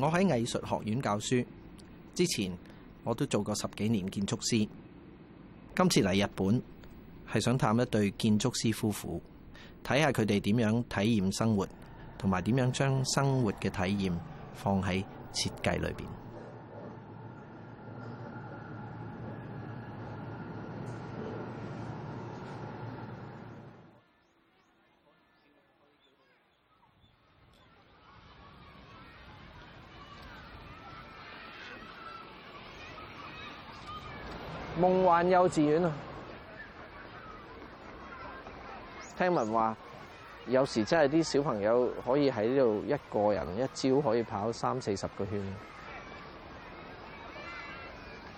我喺藝術學院教書之前，我都做過十幾年建築師。今次嚟日本，係想探一對建築師夫婦，睇下佢哋點樣體驗生活，同埋點樣將生活嘅體驗放喺設計裏邊。環幼稚園啊！聽聞話，有時真係啲小朋友可以喺呢度一個人一朝可以跑三四十個圈，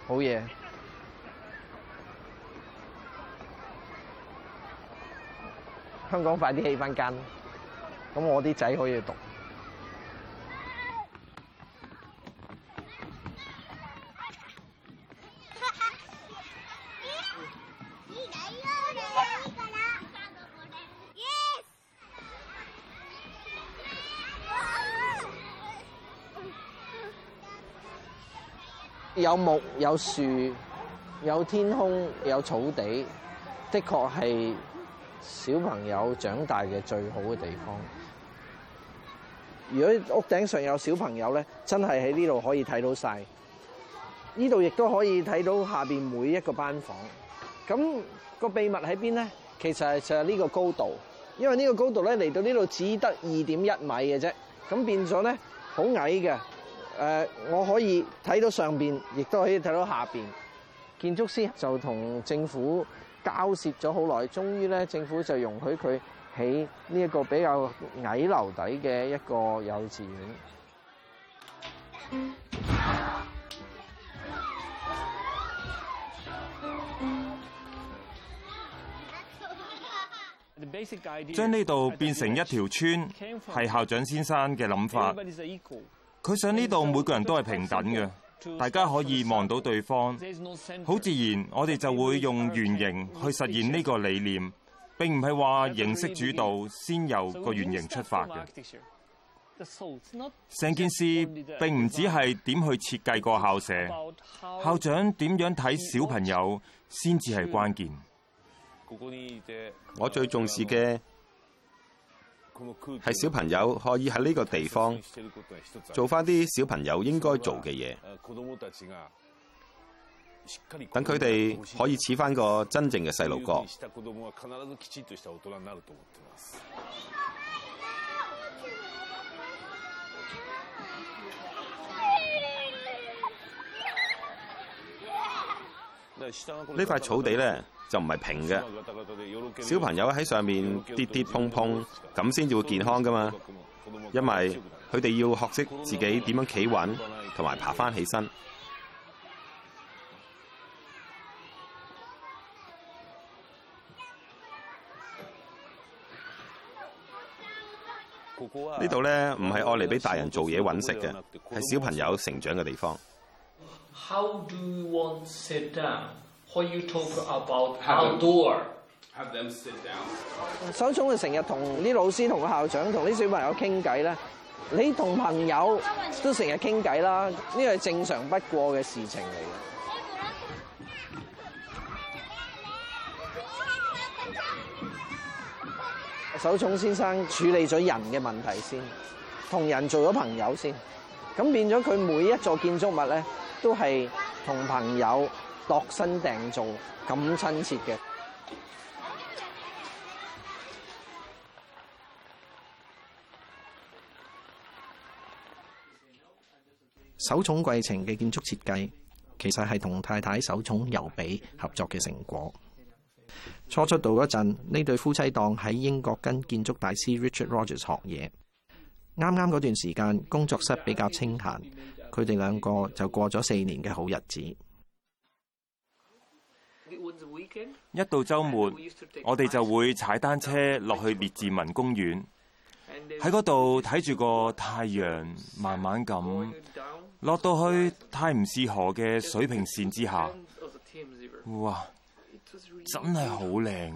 好嘢！香港快啲起翻間，咁我啲仔可以讀。有木有樹有天空有草地，的確係小朋友長大嘅最好嘅地方。如果屋頂上有小朋友咧，真係喺呢度可以睇到晒。呢度亦都可以睇到下邊每一個班房。咁個秘密喺邊咧？其實就係呢個高度，因為呢個高度咧，嚟到呢度只得二點一米嘅啫。咁變咗咧，好矮嘅。誒，我可以睇到上邊，亦都可以睇到下邊。建築師就同政府交涉咗好耐，終於咧，政府就容許佢起呢一個比較矮樓底嘅一個幼稚園。將呢度變成一條村，係校長先生嘅諗法。佢想呢度每個人都係平等嘅，大家可以望到對方，好自然。我哋就會用圓形去實現呢個理念，並唔係話形式主導先由個圓形出發嘅。成件事並唔只係點去設計個校舍，校長點樣睇小朋友先至係關鍵。我最重視嘅。係小朋友可以喺呢個地方做返啲小朋友應該做嘅嘢，等佢哋可以似返個真正嘅細路哥。呢塊草地咧，就唔係平嘅，小朋友喺上面跌跌碰碰，咁先至會健康㗎嘛。因為佢哋要學識自己點樣企穩，同埋爬返起身。呢度咧，唔係愛嚟俾大人做嘢揾食嘅，係小朋友成長嘅地方。When you talk about outdoor, have them sit down。手塚啊，成日同啲老師、同個校長、同啲小朋友傾偈咧。你同朋友都成日傾偈啦，呢個係正常不過嘅事情嚟嘅。 手塚先生先處理咗人嘅問題先，同人做咗朋友先，咁變咗佢每一座建築物呢，都係同朋友。度身訂造咁親切嘅手塚貴晴嘅建築設計，其實係同太太手塚由比合作嘅成果。初出道嗰陣，呢對夫妻檔喺英國跟建築大師 Richard Rogers 學嘢。啱啱嗰段時間，工作室比較清閒，佢哋兩個就過咗四年嘅好日子。一到周末，我哋就會踩單車落去列治文公園，喺嗰度睇住個太陽慢慢咁落到去泰晤士河嘅水平線之下，哇，真係好靚！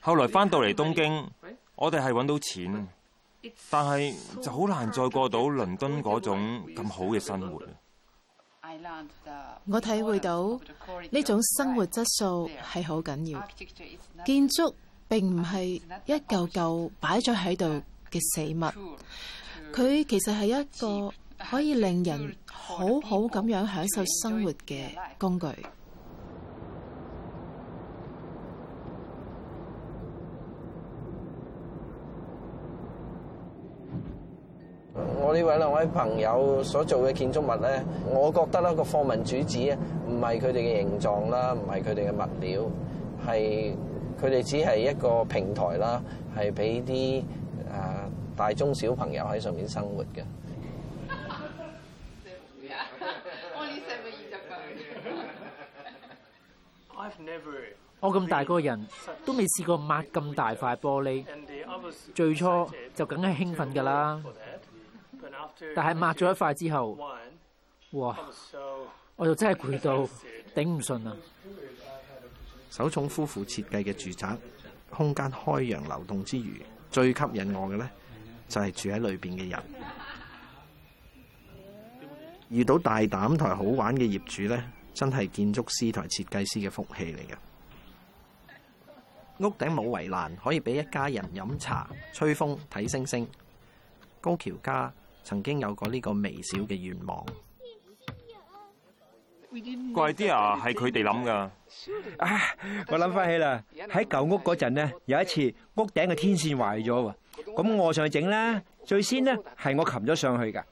後來翻到嚟東京，我哋係揾到錢，但係就好難再過到倫敦嗰種咁好嘅生活。我體會到，呢種生活質素係好緊要。建築並唔係一舊舊擺咗喺度嘅死物，佢其實係一個可以令人好好咁樣享受生活嘅工具。呢位兩位朋友所做嘅建築物咧，我覺得咧個課民主旨啊，唔係佢哋嘅形狀啦，唔係佢哋嘅物料，係佢哋只係一個平台啦，係俾啲誒大中小朋友喺上面生活嘅。我咁大個人都未試過抹咁大塊玻璃，最初就梗係興奮㗎啦。但係抹咗一塊之後，哇！我就真係攰到頂唔順啦。手塚夫婦設計嘅住宅，空間開揚流動之餘，最吸引我嘅呢，就係住喺裏邊嘅人。遇到大膽同好玩嘅業主呢，真係建築師同設計師嘅福氣嚟嘅。屋頂冇圍欄，可以俾一家人飲茶、吹風、睇星星。高橋家。曾經有過呢個微小嘅願望，個 idea，係佢哋諗噶。我諗翻起啦，喺舊屋嗰陣咧，有一次屋頂嘅天線壞咗，咁我上去整啦。最先咧係我擒咗上去嘅，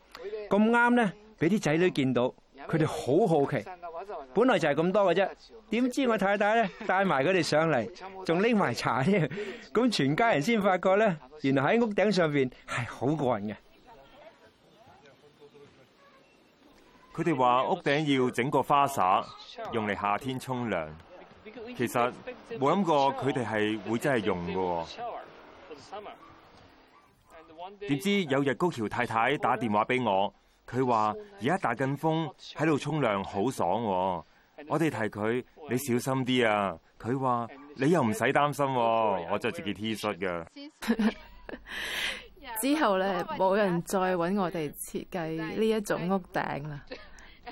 咁啱咧俾啲仔女見到，佢哋好好奇。本來就係咁多嘅啫，點知我太太咧帶埋佢哋上嚟，仲拎埋茶添，咁全家人先發覺咧，原來喺屋頂上邊係好過癮嘅。佢哋話屋頂要整個花灑用嚟夏天沖涼，其實冇諗過佢哋係會真係用嘅。點知有日高橋太太打電話俾我，佢話而家打緊風喺度沖涼好爽。我哋提佢，你小心啲啊！佢話你又唔使擔心，我就自己 T 恤嘅。 之後咧冇人再揾我哋設計呢一種屋頂啦。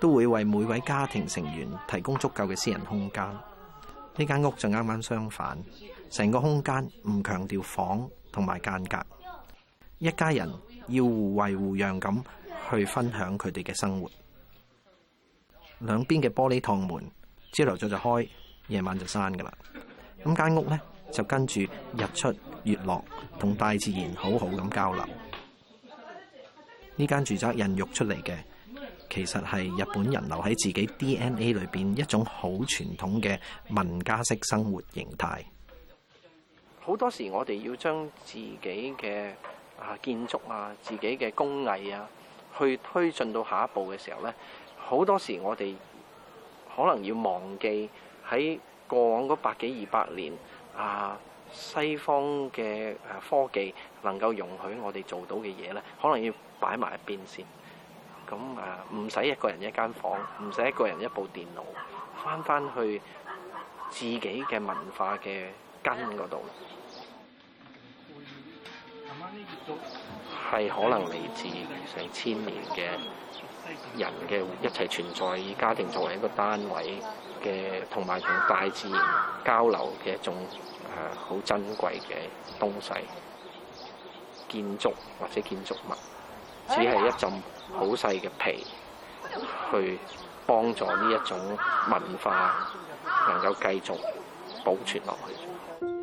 都會為每位家庭成員提供足夠嘅私人空間。呢間屋就啱啱相反，成個空間唔強調房同埋間隔，一家人要互惠互讓咁去分享佢哋嘅生活。兩邊嘅玻璃趟門，朝頭早就開，夜晚就閂噶啦。咁間屋呢，就跟住日出月落同大自然好好咁交流。呢間住宅孕育出嚟嘅。其實係日本人留喺自己 DNA 裏邊一種好傳統嘅民家式生活形態。好多時我哋要將自己嘅啊建築啊、自己嘅工藝啊，去推進到下一步嘅時候呢，好多時我哋可能要忘記喺過往嗰百幾二百年啊，西方嘅科技能夠容許我哋做到嘅嘢呢，可能要擺埋一邊先。咁誒唔使一個人一間房，唔使一個人一部電腦，返返去自己嘅文化嘅根嗰度，係 可能嚟自成千年嘅人嘅一齊存在，以家庭作為一個單位嘅，同埋同大自然交流嘅一種誒好、呃、珍貴嘅東西，建築或者建築物。只係一浸好細嘅皮，去幫助呢一種文化能夠繼續保存落去。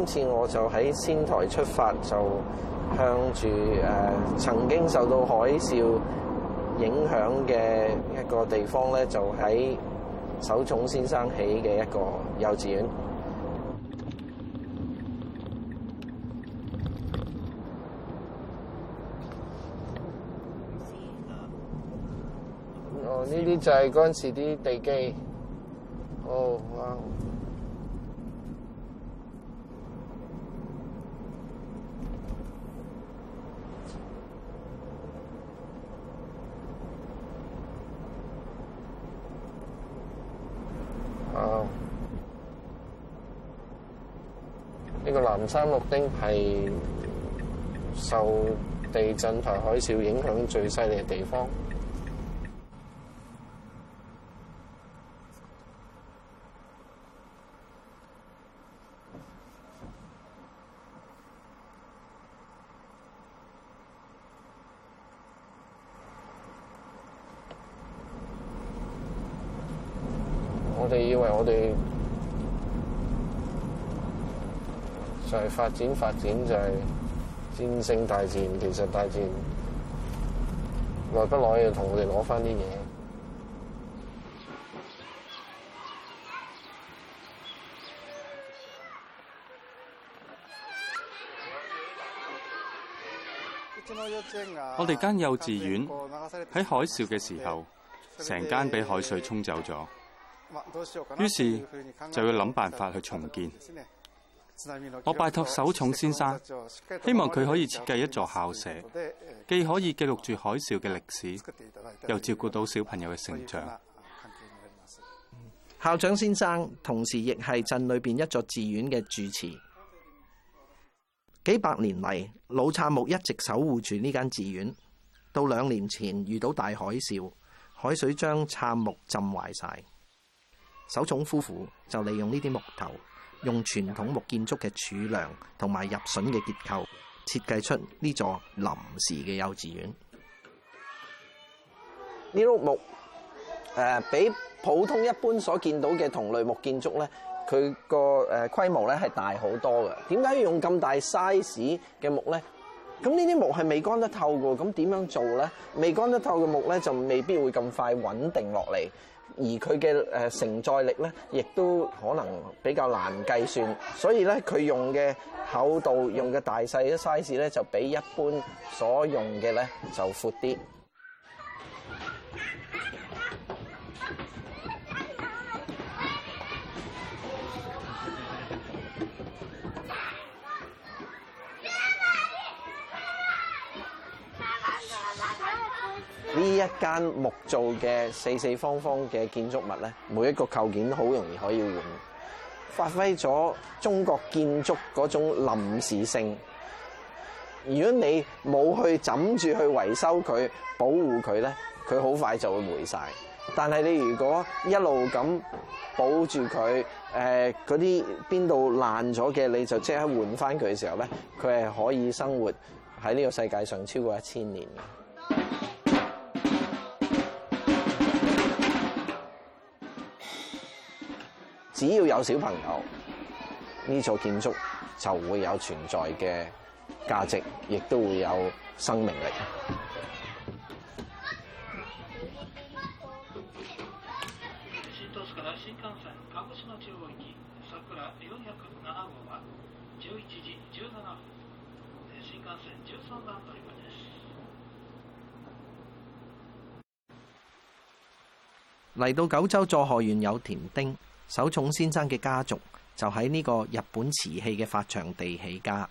今次我就喺仙台出發，就向住誒曾經受到海嘯影響嘅一個地方咧，就喺手塚先生起嘅一個幼稚園。哦，呢啲就係嗰陣時啲地基。好，oh, wow.。神山六丁係受地震同海嘯影響最犀利嘅地方。我哋以為我哋。再係發展發展就係、是、戰勝大自然，其實大自然耐不耐要同我哋攞返啲嘢。我哋間幼稚園喺海嘯嘅時候，成間俾海水沖走咗，於是就要諗辦法去重建。我拜託手塚先生，希望佢可以設計一座校舍，既可以記錄住海嘯嘅歷史，又照顧到小朋友嘅成長。校長先生同時亦係鎮裏邊一座寺院嘅住持，幾百年嚟，老杉木一直守護住呢間寺院。到兩年前遇到大海嘯，海水將杉木浸壞晒，手塚夫婦就利用呢啲木頭。用傳統木建築嘅柱梁同埋入榫嘅結構設計出呢座臨時嘅幼稚園。呢碌木誒，比普通一般所見到嘅同類木建築咧，佢個誒規模咧，係大好多嘅。點解要用咁大 size 嘅木咧？咁呢啲木係未乾得透㗎，咁點樣做咧？未乾得透嘅木咧，就未必會咁快穩定落嚟。而佢嘅誒承載力咧，亦都可能比較難計算，所以咧佢用嘅厚度、用嘅大細嘅 size 咧，就比一般所用嘅咧就闊啲。呢一間木造嘅四四方方嘅建築物咧，每一個構件都好容易可以換，發揮咗中國建築嗰種臨時性。如果你冇去枕住去維修佢、保護佢咧，佢好快就會毀曬。但係你如果一路咁保住佢，誒嗰啲邊度爛咗嘅，你就即刻換翻佢嘅時候咧，佢係可以生活喺呢個世界上超過一千年嘅。只要有小朋友，呢座建築就會有存在嘅價值，亦都會有生命力。嚟到九州佐賀縣有田町。首重先生嘅家族就喺呢個日本瓷器嘅發祥地起家。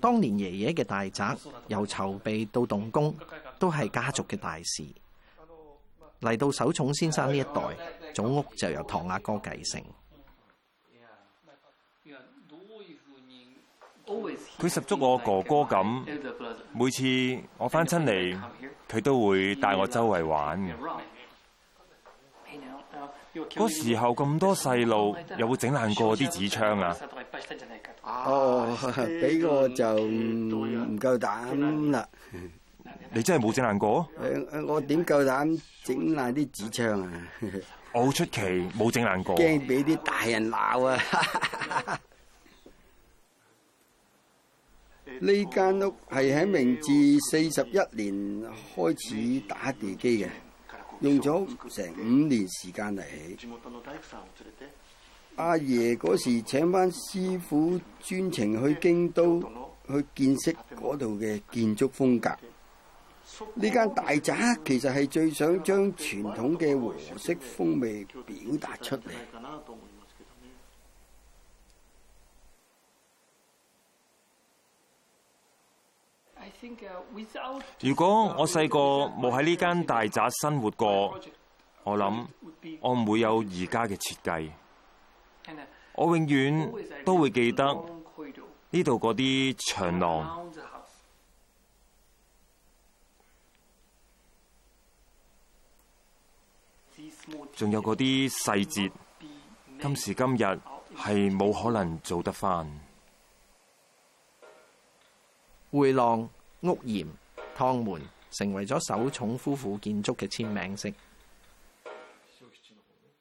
當年爺爺嘅大宅由籌備到動工都係家族嘅大事。嚟到首重先生呢一代，祖屋就由唐亞哥繼承。佢十足我哥哥咁，每次我翻親嚟，佢都會帶我周圍玩。嗰時候咁多細路，哦、有冇整爛過啲紙窗啊？哦，俾個就唔夠膽啦！你真係冇整爛過？誒誒，我點夠膽整爛啲紙窗啊？我好出奇冇整爛過，驚俾啲大人鬧啊！呢間屋係喺明治四十一年開始打地基嘅。用咗成五年時間嚟起，阿爺嗰時請返師傅專程去京都去見識嗰度嘅建築風格。呢間大宅其實係最想將傳統嘅和式風味表達出嚟。如果我細個冇喺呢間大宅生活過，我諗我唔會有而家嘅設計。我永遠都會記得呢度嗰啲長廊，仲有嗰啲細節，今時今日係冇可能做得翻回廊。回浪屋檐、窗門成為咗手塚夫婦建築嘅簽名式。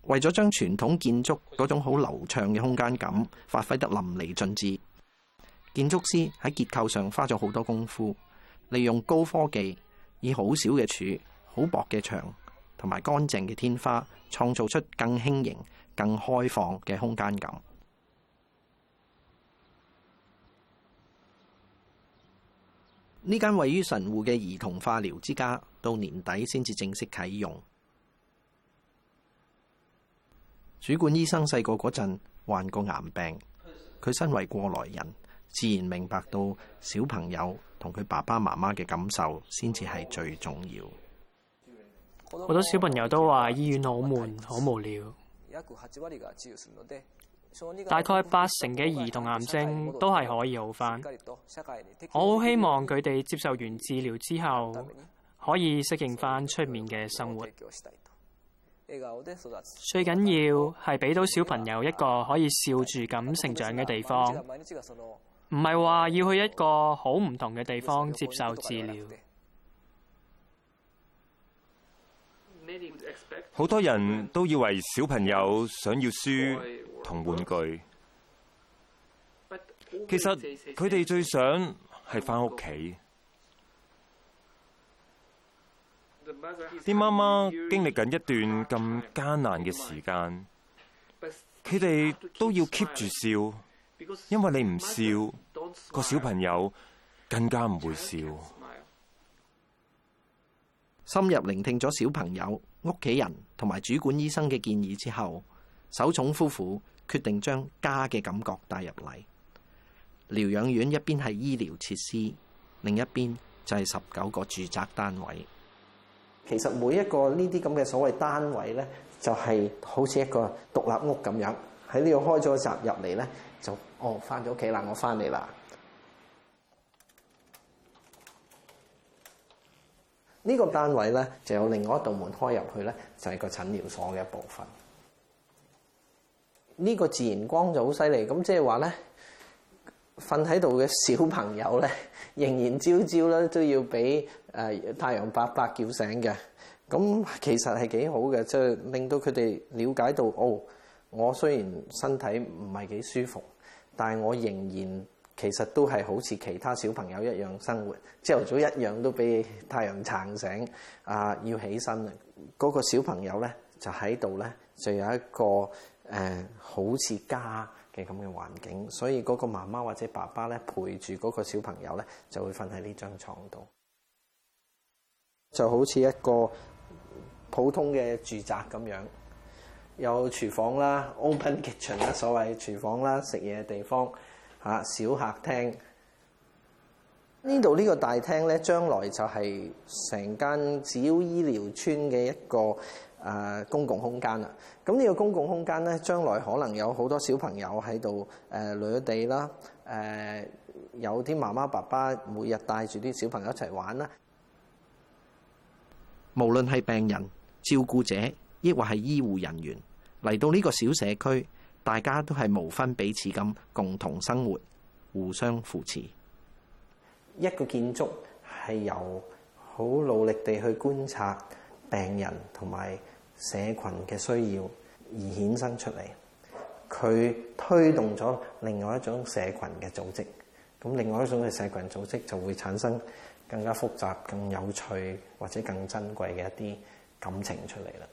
為咗將傳統建築嗰種好流暢嘅空間感發揮得淋漓盡致，建築師喺結構上花咗好多功夫，利用高科技，以好少嘅柱、好薄嘅牆同埋乾淨嘅天花，創造出更輕盈、更開放嘅空間感。呢間位於神戶嘅兒童化療之家，到年底先至正式啟用。主管醫生細個嗰陣患過癌病，佢身為過來人，自然明白到小朋友同佢爸爸媽媽嘅感受先至係最重要。好多小朋友都話醫院好悶，好無聊。大概八成嘅兒童癌症都係可以好返，我好希望佢哋接受完治療之後可以適應返出面嘅生活。最緊要係畀到小朋友一個可以笑住咁成長嘅地方，唔係話要去一個好唔同嘅地方接受治療。好多人都以為小朋友想要書同玩具，其實佢哋最想係返屋企。啲媽媽經歷緊一段咁艱難嘅時間，佢哋都要 keep 住笑，因為你唔笑，個小朋友更加唔會笑。深入聆聽咗小朋友、屋企人同埋主管醫生嘅建議之後，手塚夫婦決定將家嘅感覺帶入嚟。療養院一邊係醫療設施，另一邊就係十九個住宅單位。其實每一個呢啲咁嘅所謂單位呢，就係好似一個獨立屋咁樣，喺呢度開咗閘入嚟呢，就，哦返咗屋企啦，我返嚟啦。呢個單位咧，就有另外一道門開入去咧，就係個診療所嘅一部分。呢個自然光就好犀利，咁即係話咧，瞓喺度嘅小朋友咧，仍然朝朝咧都要俾誒太陽伯伯叫醒嘅。咁其實係幾好嘅，即係令到佢哋了解到，哦，我雖然身體唔係幾舒服，但係我仍然。其實都係好似其他小朋友一樣生活，朝頭早一樣都俾太陽撐醒啊、呃，要起身啦。嗰、嗰個小朋友咧就喺度咧，就有一個、呃、好似家嘅咁嘅環境，所以嗰個媽媽或者爸爸咧陪住嗰個小朋友咧就會瞓喺呢張床度，就好似一個普通嘅住宅咁樣，有廚房啦，open kitchen 啦，所謂廚房啦，食嘢嘅地方。吓、啊，小客廳呢度呢個大廳呢，將來就係成間小醫療村嘅一個誒、呃、公共空間啦。咁呢個公共空間呢，將來可能有好多小朋友喺度誒玩地啦，誒、呃、有啲媽媽爸爸每日帶住啲小朋友一齊玩啦。無論係病人、照顧者，亦或係醫護人員嚟到呢個小社區。大家都係無分彼此咁共同生活，互相扶持。一個建築係由好努力地去觀察病人同埋社群嘅需要而衍生出嚟。佢推動咗另外一種社群嘅組織，咁另外一種嘅社群組織就會產生更加複雜、更有趣或者更珍貴嘅一啲感情出嚟啦。